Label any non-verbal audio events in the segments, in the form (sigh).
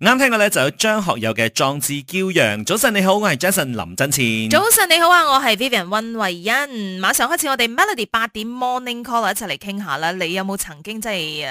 啱聽嘅咧就有張學友嘅《壯志驕陽》。早晨你好，我係 Jason 林振前。早晨你好啊，我係 Vivian 溫慧欣。馬上開始我哋 Melody 八點 Morning Call，一齊嚟傾下啦。你有冇曾經即係誒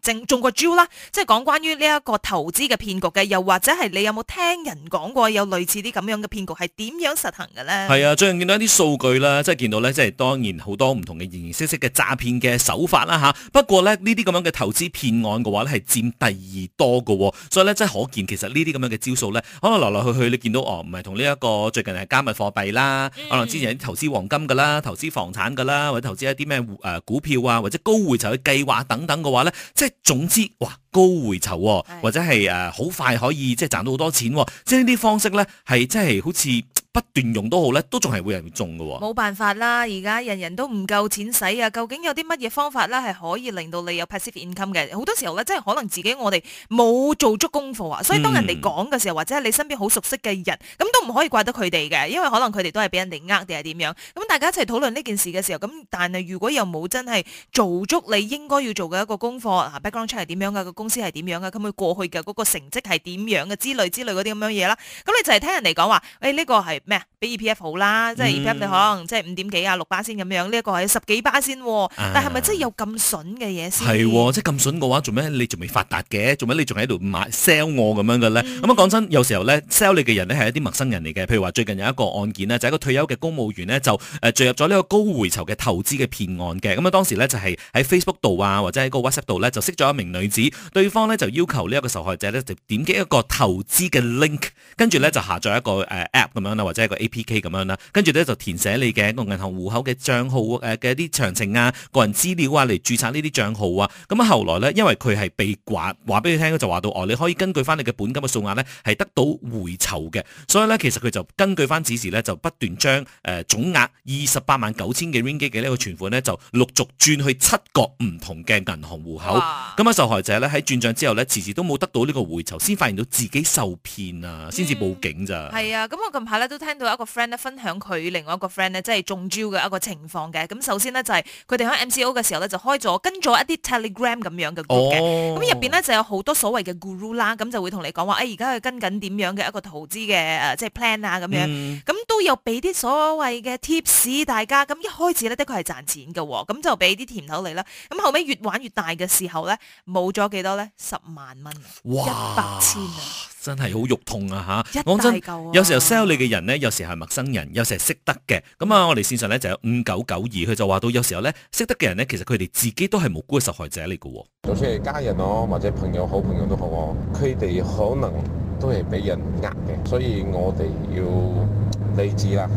正中過招啦？即係講關於呢一個投資嘅騙局嘅，又或者係你有冇聽人講過有類似啲咁樣嘅騙局係點樣實行嘅咧？係啊，最近見到一啲數據啦，即係見到咧，即係當然好多唔同嘅形形色色嘅詐騙嘅手法啦吓、啊。不過咧呢啲咁樣嘅投資騙案嘅話咧，係佔第二多嘅，所以咧可見其實呢啲咁樣嘅招數呢，可能來來去去你見到哦，唔係同呢一個最近係加密貨幣啦，嗯、可能之前投資黃金噶啦，投資房產噶啦，或者投資一啲咩誒股票啊，或者高回酬嘅計劃等等嘅話呢，即係總之，哇！高回酬、哦，是或者係誒好快可以即係賺到好多錢、哦，即係呢啲方式咧係真係好似不斷用都好咧，都仲係會有人中㗎。冇辦法啦，而家人人都唔夠錢使啊！究竟有啲乜嘢方法咧係可以令到你有 passive income 嘅？好多時候咧，即係可能自己我哋冇做足功課啊，所以當人哋講嘅時候，嗯、或者係你身邊好熟悉嘅人，咁都唔可以怪得佢哋嘅，因為可能佢哋都係俾人哋呃定係點樣。咁大家一齊討論呢件事嘅時候，咁但係如果又冇真係做足你應該要做嘅一個功課、啊，background check 係點樣嘅？公司係點樣啊？咁佢過去嘅嗰個成績係點樣嘅之類之類嗰啲咁樣嘢啦？咁你就係聽人嚟講話，誒、欸、呢、這個係咩啊？比 E P F 好啦，即係 E P F 你可能即係五點幾啊六巴先咁樣，呢、這、一個係十幾巴先，啊啊、但係咪真係有咁筍嘅嘢先？係喎、哦，即係咁筍嘅話，做咩你仲未發達嘅？做咩你仲喺度賣 sell 我咁樣嘅咧？咁樣講真，有時候咧 sell 你嘅人咧係一啲陌生人嚟嘅。譬如話最近有一個案件呢，就係、是、一個退休嘅公務員呢，就誒墜入咗呢個高回酬嘅投資嘅騙案嘅。咁啊當時咧就係、是、喺 Facebook 度啊，或者喺個 WhatsApp 度咧就識咗一名女子。對方咧就要求呢一個受害者咧就點擊一個投資嘅 link，跟住咧就下載一個誒 app 咁樣啦，或者一個 APK 咁樣啦，跟住咧就填寫你嘅一個銀行戶口嘅帳號誒嘅、呃、一啲詳情啊、個人資料啊嚟註冊呢啲帳號啊。咁啊後來咧，因為佢係被刮，話俾佢聽咧就話到哦，你可以根據翻你嘅本金嘅數額咧係得到回酬嘅，所以咧其實佢就根據翻指示咧就不斷將誒總額二十八萬九千幾 ringgit 嘅呢個存款咧就陸續轉去七個唔同嘅銀行戶口。咁啊哇 受害者咧喺轉帳之後咧，遲遲都冇得到呢個回酬，先發現到自己受騙、嗯、啊，先至報警咋。係啊，咁我近排咧都聽到一個 friend 咧分享佢另外一個 friend 咧即係中招嘅一個情況嘅。咁首先呢，就係佢哋喺 MCO 嘅時候咧就開咗跟咗一啲 Telegram 咁樣嘅 group 嘅。咁入邊呢，面就有好多所謂嘅 guru 啦，咁就會同你講話，誒而家佢跟緊點樣嘅一個投資嘅即係 plan 啊咁樣。咁都、嗯、有俾啲所謂嘅 tips 大家。咁一開始呢，的確係賺錢嘅，咁就俾啲甜頭嚟啦。咁後尾越玩越大嘅時候呢，冇咗幾多？十萬蚊，哇，一百千啊，真係好肉痛啊，吓！講真，有時候 sell 你嘅人呢，有時係陌生人，有時係識得嘅。咁啊，我哋線上呢就有五九九二，佢就話到，有時候呢，識得嘅人呢，其實佢哋自己都係無辜嘅受害者嚟嘅。就算係家人咯，或者朋友，好朋友都好，佢哋可能都係俾人呃嘅，所以我哋要理智啦。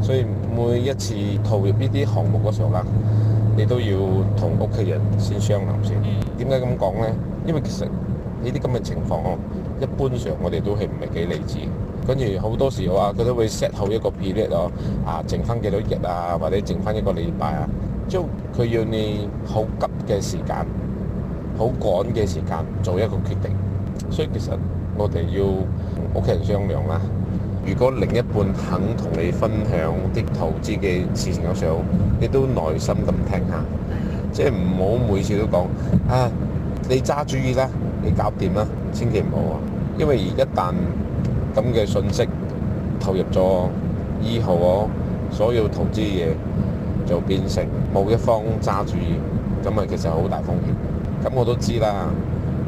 所以每一次投入呢啲項目嗰時候啦，你都要同屋企人先商量先。點解咁講呢？因為其實呢啲咁嘅情況，一般上我哋都係唔係幾理智。跟住好多時候啊，佢都會 set 好一個 period 啊，剩翻幾多日啊，或者剩翻一個禮拜啊，即係佢要你好急嘅時間，好趕嘅時間做一個決定。所以其實我哋要屋企人商量啦。如果另一半肯同你分享啲投資嘅事情嘅時候，你都耐心咁聽下，即係唔好每次都講啊，你揸主意啦，你搞掂啦，千祈唔好，啊！因為而一旦咁嘅信息投入咗以後，我所有投資嘢就變成冇一方揸主意，咁啊其實好大風險。咁我都知啦，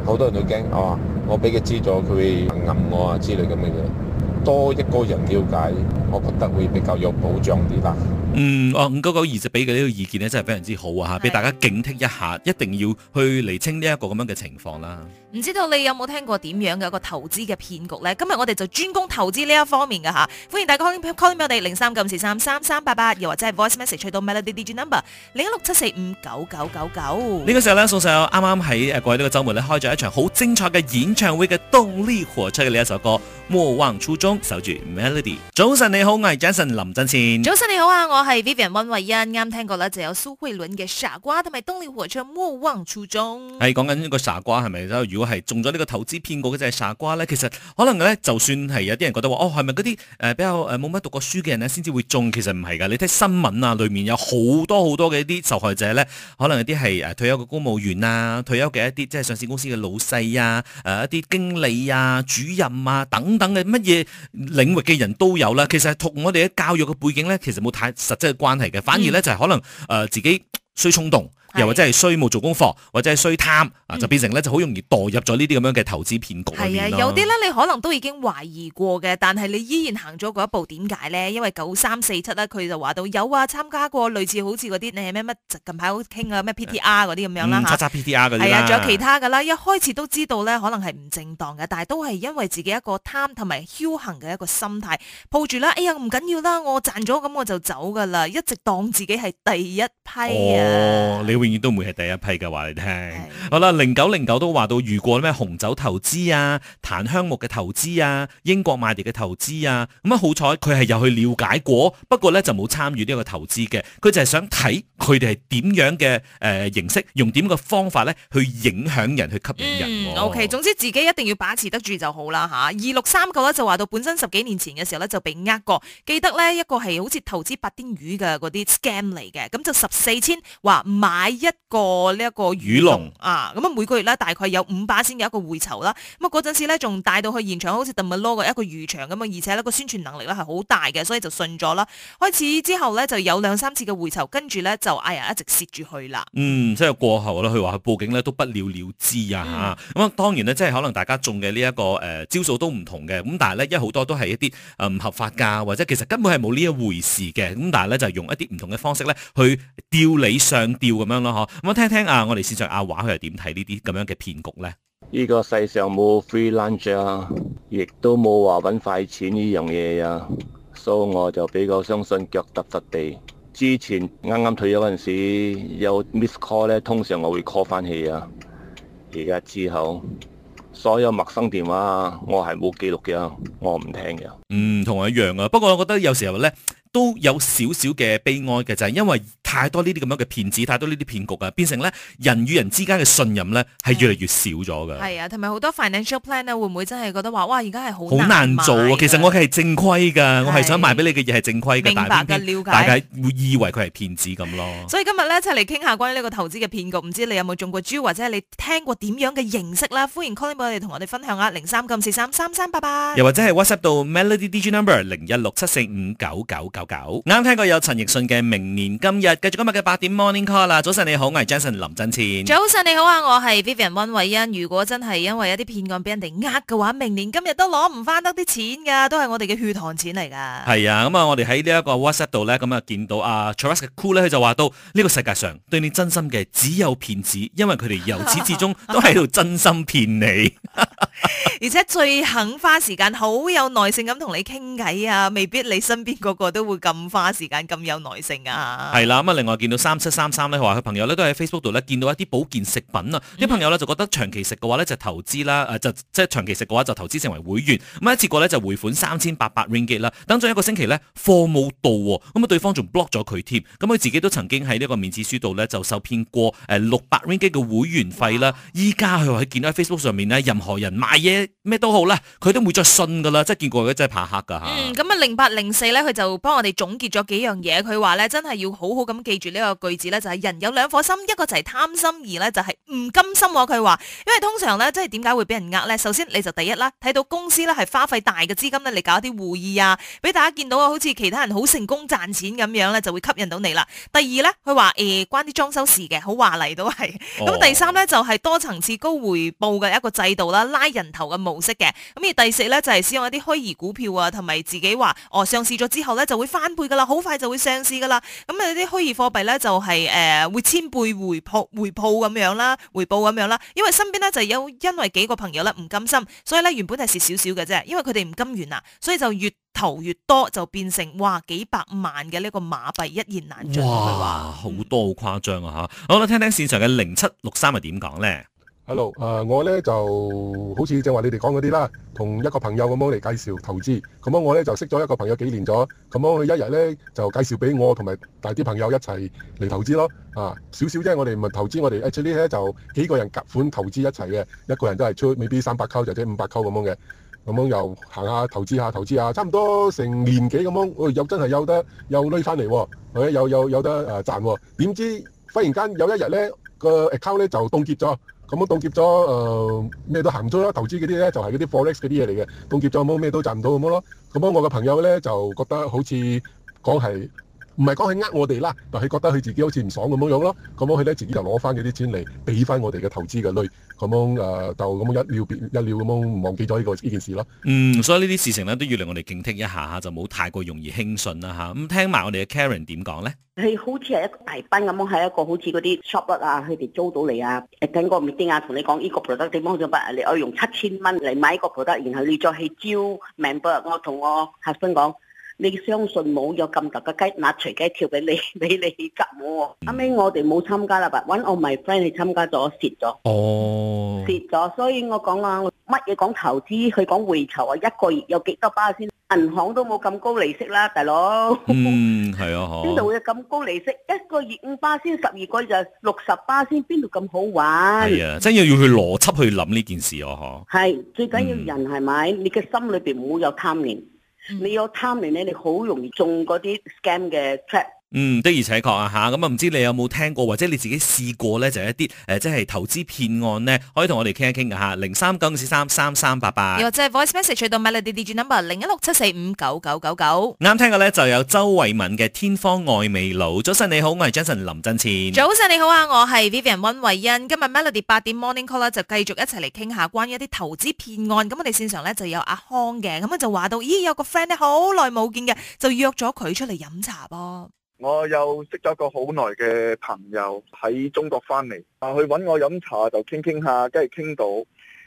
好多人都驚哦，我俾佢知咗，佢會暗我啊之類咁嘅嘢。多一個人了解，我覺得會比較有保障啲啦。嗯，哦，五九九二就俾嘅呢個意見咧，真係非常之好啊！吓的，俾大家警惕一下，一定要去厘清呢一個咁樣嘅情況啦。唔知道你有冇聽過點樣嘅一個投資嘅騙局咧？今日我哋就專攻投資呢一方面嘅吓，歡迎大家 calling, call 翻俾我哋零三九四三三三八八，8，又或者係 voice message 去到 melody DJ number 零一六七四五九九九九。呢個時候咧，送上啱啱喺誒過去呢個周末咧開咗一場好精彩嘅演唱會嘅動力火車嘅呢一首歌《莫忘初衷》，守住 melody。早晨你好，我係 Jason 林振倩。早晨你好啊，我係 Vivian 温慧欣。啱聽過啦，就有蘇慧倫嘅《傻瓜》，同埋動力火車《莫忘初衷》。係講緊呢個傻瓜係咪？是如果係中咗呢個投資騙局嘅就係傻瓜咧，其實可能咧就算係有啲人覺得話哦係咪嗰啲誒比較誒冇乜讀過書嘅人咧先至會中，其實唔係噶。你睇新聞啊，裏面有好多好多嘅一啲受害者咧，可能有啲係誒退休嘅公務員啊，退休嘅一啲即係上市公司嘅老細啊，誒、呃、一啲經理啊、主任啊等等嘅乜嘢領域嘅人都有啦。其實係同我哋嘅教育嘅背景咧，其實冇太實質嘅關係嘅，反而咧、嗯、就係可能誒、呃、自己需衝動。又或者係衰冇做功課，或者係衰貪啊，就、嗯、變成咧就好容易墮入咗呢啲咁樣嘅投資騙局。係啊，有啲咧你可能都已經懷疑過嘅，但係你依然行咗嗰一步，點解咧？因為九三四七啊，佢就話到有啊，參加過類似好似嗰啲你咩乜近排好傾啊咩 P T R 嗰啲咁樣啦吓。P T R 嗰啲係啊，仲、啊、有其他噶啦，一開始都知道咧，可能係唔正當嘅，但係都係因為自己一個貪同埋僥倖嘅一個心態，抱住啦，哎呀唔緊要啦，我賺咗咁我就走噶啦，一直當自己係第一批啊、哦。永遠都唔會係第一批嘅話嚟聽。你的好啦，零九零九都話到遇過咩紅酒投資啊、檀香木嘅投資啊、英國買地嘅投資啊。咁啊好彩佢係有去了解過，不過咧就冇參與呢個投資嘅。佢就係想睇佢哋係點樣嘅誒、呃、形式，用點嘅方法咧去影響人去吸引人、啊。嗯、o、okay, K，總之自己一定要把持得住就好啦嚇。二六三九咧就話到本身十幾年前嘅時候咧就被呃過，記得咧一個係好似投資八丁魚嘅嗰啲 scam 嚟嘅，咁就十四千話買。一個呢一個魚龍啊，咁啊每個月咧大概有五巴仙有一個回酬啦，咁啊嗰陣時咧仲帶到去現場，好似特物攞嘅一個魚場咁啊，而且呢個宣傳能力咧係好大嘅，所以就信咗啦。開始之後咧就有兩三次嘅回酬，跟住咧就哎呀一直蝕住去啦。嗯，即係過後啦，佢話去報警咧都不了了之啊吓。咁啊、嗯嗯，當然咧即係可能大家中嘅、這個呃、呢一個誒招數都唔同嘅，咁但係咧因為好多都係一啲誒唔合法噶，或者其實根本係冇呢一回事嘅，咁但係咧就是、用一啲唔同嘅方式咧去釣你上釣咁樣。咁我聽聽啊，我哋線上阿華佢又點睇呢啲咁樣嘅騙局呢？呢個世上冇 free lunch，亦都冇話揾快錢呢樣嘢啊，所以我就比較相信腳踏實地。之前啱啱退休嗰陣時有 miss call 咧，通常我會 call 返去啊。而家之後所有陌生電話我係冇記錄嘅，我唔聽嘅。嗯，同我一樣啊。不過我覺得有時候呢。都有少少嘅悲哀嘅，就係因為太多呢啲咁樣嘅騙子，太多呢啲騙局啊，變成咧人與人之間嘅信任咧係越嚟越少咗㗎。係啊，同埋好多 financial plan 會唔會真係覺得話，哇！而家係好難好難做啊！其實我係正規㗎，我係想賣俾你嘅嘢係正規嘅，大家會以為佢係騙子咁咯。所以今日咧，就嚟傾下關於呢個投資嘅騙局，唔知你有冇中過豬，或者你聽過點樣嘅形式啦？歡迎 call in 嚟同我哋分享啊！零三九四三三三八八。又或者係 WhatsApp 到 Melody DJ Number 零一六七四五九九九。九啱聽過有陳奕迅嘅明年今日，繼續今日嘅八點 Morning Call 啦。早晨你好，我係 Jason 林振千。早晨你好啊，我係 Vivian 温偉欣。如果真係因為一啲騙案俾人哋呃嘅話，明年今日都攞唔翻得啲錢噶，都係我哋嘅血汗錢嚟噶。係啊，咁、嗯、啊，我哋喺呢一個 WhatsApp 度咧，咁啊見到啊 Charles 嘅 cool 咧，佢就話到呢個世界上對你真心嘅只有騙子，因為佢哋由始至終 (laughs) 都喺度真心騙你， (laughs) 而且最肯花時間、好有耐性咁同你傾偈啊，未必你身邊個個都會。會咁花時間咁有耐性啊！係啦，咁啊，另外見到三七三三咧，佢話佢朋友咧都喺 Facebook 度咧見到一啲保健食品啊，啲、嗯、朋友咧就覺得長期食嘅話咧就投資啦，誒、嗯呃、就即係長期食嘅話就投資成為會員，咁一次過咧就匯款三千八百 Ringgit 啦，等咗一個星期咧，貨冇到喎，咁啊對方仲 block 咗佢添。咁佢自己都曾經喺呢個面子書度咧就受騙過，誒，六百 Ringgit 嘅會員費啦，依家佢話佢見到喺 Facebook 上面咧任何人賣嘢咩都好咧，佢都唔會再信噶啦，即係見過嘅真係怕黑㗎嚇。咁啊零八零四咧佢就幫。我哋總結咗幾樣嘢，佢話咧真係要好好咁記住呢個句子咧，就係、是、人有兩顆心，一個就係貪心，而咧就係、是、唔甘心。佢話，因為通常咧，即係點解會俾人呃咧？首先，你就第一啦，睇到公司咧係花費大嘅資金咧嚟搞一啲會議啊，俾大家見到啊，好似其他人好成功賺錢咁樣咧，就會吸引到你啦。第二咧，佢話誒，關啲裝修事嘅，好華麗都係。咁、哦、第三咧就係、是、多層次高回報嘅一個制度啦，拉人頭嘅模式嘅。咁而第四咧就係、是、使用一啲虛擬股票啊，同埋自己話哦，上市咗之後咧就會。翻倍噶啦，好快就會上市噶啦。咁啊啲虛擬貨幣咧，就係、是、誒、呃、會千倍回報回報咁樣啦，回報咁樣啦。因為身邊咧就有因為幾個朋友咧唔甘心，所以咧原本係蝕少少嘅啫，因為佢哋唔甘願，啦，所以就越投越多，就變成哇幾百萬嘅呢個馬幣一言難盡。哇，好、嗯、多好誇張啊吓！好啦，聽聽市場嘅零七六三係點講咧？hello，啊，我咧就好似正話你哋講嗰啲啦，同一個朋友咁樣嚟介紹投資。咁樣我咧就識咗一個朋友幾年咗，咁樣佢一日咧就介紹俾我同埋大啲朋友一齊嚟投資咯。啊，少少啫，我哋唔係投資，我哋一出呢咧就幾個人夾款投資一齊嘅，一個人都係出，未必三百溝，或者五百溝咁樣嘅，咁樣又行下投資下，投資下，差唔多成年幾咁樣。我又真係有得又攞翻嚟，係咪？又又又得誒賺。點知忽然間有一日咧個 account 咧就凍結咗。咁樣凍結咗，咩、呃、都行唔出咯。投資嗰啲咧，就係嗰啲 forex 嗰啲嘢嚟嘅。凍結咗，冇咩都賺唔到咁咯。咁我個朋友咧就覺得好似講係。唔係講係呃我哋啦，嗱，佢覺得佢自己好似唔爽咁樣樣咯，咁樣佢咧自己又攞翻嗰啲錢嚟俾翻我哋嘅投資嘅類，咁樣誒就咁樣一了別一了咁樣忘記咗呢個呢件事咯。嗯，所以呢啲事情咧都要令我哋警惕一下嚇，就冇太過容易輕信啦嚇。咁聽埋我哋嘅 Karen 點講咧？佢好似係一大班咁樣係一個好似嗰啲 shop 啊，佢哋租到嚟啊，等個 meeting 啊同你講呢個 product 地方上邊，你可以用七千蚊嚟買一個 product，然後你再去招 member。我同我客賓講，你相信冇有咁大嘅雞，拿隨雞跳俾你，俾你急我。後尾、嗯啊、我哋冇參加啦，揾我咪 friend 去參加咗蝕咗。哦，蝕咗，所以我講啊，乜嘢講投資，佢講回酬啊，一個月有幾多巴先？銀行都冇咁高利息啦，大佬。嗯，係啊，邊度會有咁高利息？一個月五巴先，十二個月就六十巴先，邊度咁好玩？係啊，真係要去邏輯去諗呢件事哦，嗬、啊。係，最緊要人係咪、嗯？你嘅心裏邊冇有貪念。Mm hmm. 你有貪念咧，你好容易中嗰啲 scam 嘅 trap。嗯，的而且確啊吓，咁啊，唔、嗯、知你有冇聽過或者你自己試過咧？就係、一啲誒、呃，即係投資騙案咧，可以同我哋傾一傾噶吓。零三九四三三三八八，又或者 voice message 去到 melody DJ number 零一六七四五九九九九。啱聽嘅咧，就有周慧敏嘅《天方愛未老》。早晨你好，我係 Jason 林振千。早晨你好啊，我係 Vivian 溫慧欣。今日 melody 八點 morning call 啦，就繼續一齊嚟傾下關於一啲投資騙案。咁我哋線上咧就有阿康嘅，咁啊就話到咦，有個 friend 咧好耐冇見嘅，就約咗佢出嚟飲茶噃。我又識咗個好耐嘅朋友喺中國翻嚟，啊去揾我飲茶就傾傾下，跟住傾到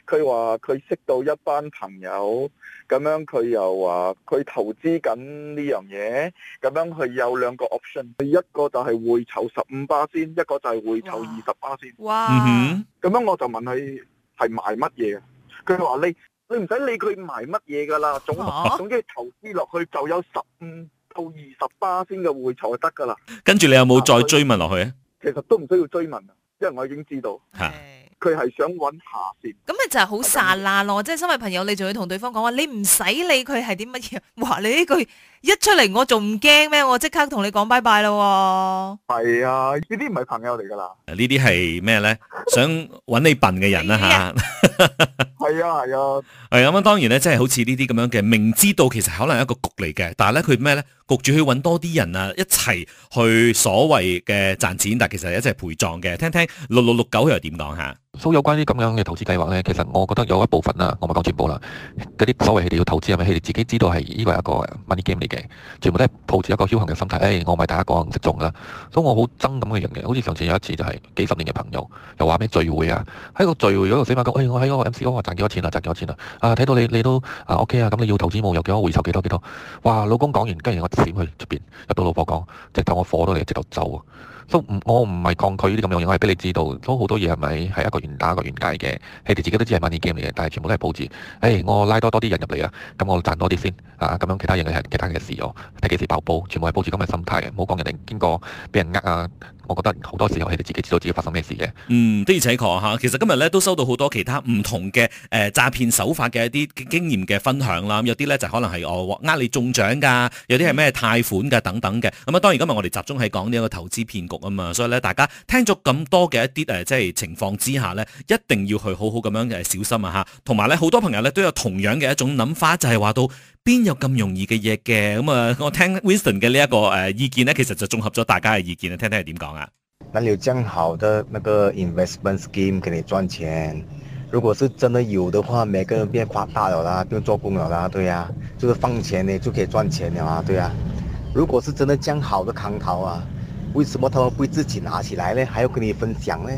佢話佢識到一班朋友，咁樣佢又話佢投資緊呢樣嘢，咁樣佢有兩個 option，一個就係回酬十五巴仙，一個就係回酬二十巴仙。哇！咁、嗯、哼樣我就問佢係賣乜嘢？佢話你你唔使理佢賣乜嘢噶啦，總哇總之投資落去就有十五。到二十八先嘅匯財就得噶啦，跟住你有冇再追問落去啊？其實都唔需要追問，因為我已經知道，佢係是想揾下先。咁咪、啊嗯、就係好撒拉咯，即係是身為朋友，你仲要同對方講話，嗯、你唔使理佢係啲乜嘢，哇！你呢句。一出嚟我仲唔驚咩？我即刻同你講拜拜咯！係啊，呢啲唔係朋友嚟噶啦，呢啲係咩咧？ (laughs) 想搵你笨嘅人啦吓，係啊係啊，係咁樣。當然咧，即係好似呢啲咁樣嘅，明知道其實可能係一個局嚟嘅，但係咧佢咩咧？局住去搵多啲人啊，一齊去所謂嘅賺錢，但其實係一齊陪葬嘅。聽聽六六六九又點講吓？所、so，有關於咁樣嘅投資計劃咧，其實我覺得有一部分啦，我咪講全部啦。嗰啲所謂佢哋要投資係咪？佢哋自己知道係呢個係一個 money game 嚟。全部都係抱住一個僥倖嘅心態，誒、哎，我咪大家講唔識中啦，所以我好憎咁嘅人嘅，好似上次有一次就係、是、幾十年嘅朋友，又話咩聚會啊，喺個聚會嗰度死馬哥，誒、哎，我喺嗰個 MCO 啊賺幾多錢啊，賺幾多錢啊，啊，睇到你你都啊 OK 啊，咁你要投資冇又幾多回酬幾多幾多，哇，老公講完跟住我閃去出邊，入到老婆講，直頭我火都嚟，直頭走。」啊！都唔、so，我唔係抗拒呢啲咁樣嘢，我係俾你知道，都好多嘢係咪係一個願打一個願解嘅？你哋自己都知係 Money game 嚟嘅，但係全部都係抱住，誒、哎，我拉多多啲人入嚟啊，咁我賺多啲先啊。咁樣其他嘢係其他嘅事哦，睇幾時爆煲，全部係抱住咁嘅心態嘅，唔好講人哋經過俾人呃啊。我覺得好多時候係你自己知道自己發生咩事嘅。嗯，的而且確吓，其實今日咧都收到好多其他唔同嘅誒詐騙手法嘅一啲經驗嘅分享啦。有啲咧就可能係我呃你中獎噶，有啲係咩貸款噶等等嘅。咁、嗯、啊，當然今日我哋集中係講呢一個投資騙局啊嘛。所以咧，大家聽咗咁多嘅一啲誒，即係情況之下咧，一定要去好好咁樣嘅小心啊吓。同埋咧，好多朋友咧都有同樣嘅一種諗法，就係話到。邊有咁容易嘅嘢嘅？咁啊，我聽 Winston 嘅呢一個誒意見呢，其實就綜合咗大家嘅意見啦。聽聽係點講啊？哪有將好的那個 investment scheme 給你賺錢，如果是真的有的話，每個人別誇大了啦，別做友啦，對啊，就是放錢咧就可以賺錢嘅嘛，對啊。如果是真的將好的康投啊，為什麼他們會自己拿起來呢？還要跟你分享呢。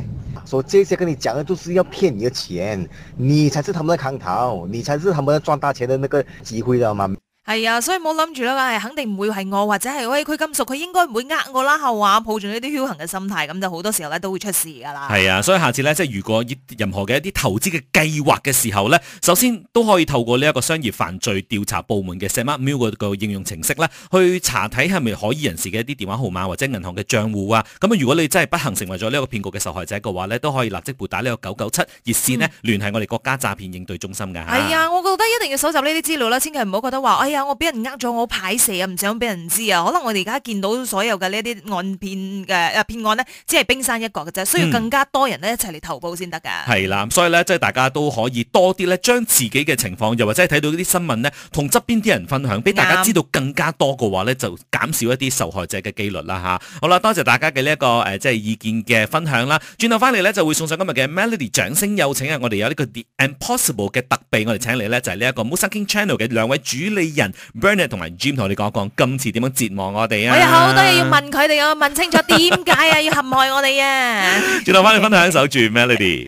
說、so, 這些跟你講的就是要騙你的錢，你才是他們的康頭，你才是他們賺大錢的那個機會，知道嗎？係啊，所以冇諗住啦，肯定唔會係我或者係喂佢咁熟，佢應該唔會呃我啦嚇。話抱住呢啲僥倖嘅心態，咁就好多時候呢都會出事噶啦。係啊，所以下次呢，即係如果任何嘅一啲投資嘅計劃嘅時候呢，首先都可以透過呢一個商業犯罪調查部門嘅 SmartMule 個應用程式呢，去查睇係咪可疑人士嘅一啲電話號碼或者銀行嘅賬戶啊。咁如果你真係不幸成為咗呢一個騙局嘅受害者嘅話呢，都可以立即撥打呢個九九七熱線呢，嗯、聯繫我哋國家詐騙應對中心嘅嚇。係啊，啊我覺得一定要搜集呢啲資料啦，千祈唔好覺得話，哎呀我俾人呃咗，我排泄啊，唔想俾人知啊。可能我哋而家見到所有嘅呢啲案片嘅啊騙案咧，只係冰山一角嘅啫。嗯、需要更加多人咧一齊嚟投報先得噶。係啦，所以咧即係大家都可以多啲咧將自己嘅情況，又或者係睇到啲新聞咧，同側邊啲人分享，俾大家知道更加多嘅話咧，就減少一啲受害者嘅幾率啦吓、啊。好啦，多謝大家嘅呢一個誒、呃、即係意見嘅分享啦。轉頭翻嚟咧就會送上今日嘅 Melody 掌聲，有請啊！我哋有呢個 The Impossible 嘅特備，我哋請嚟咧就係呢一個 Musicking Channel 嘅兩位主理人。Bernard 同埋 Jim 同我哋講講，今次點樣折磨我哋啊我？我有好多嘢要問佢哋，我問清楚點解啊？要陷害我哋啊？接落翻嚟分享一首住 Melody。 (laughs) Mel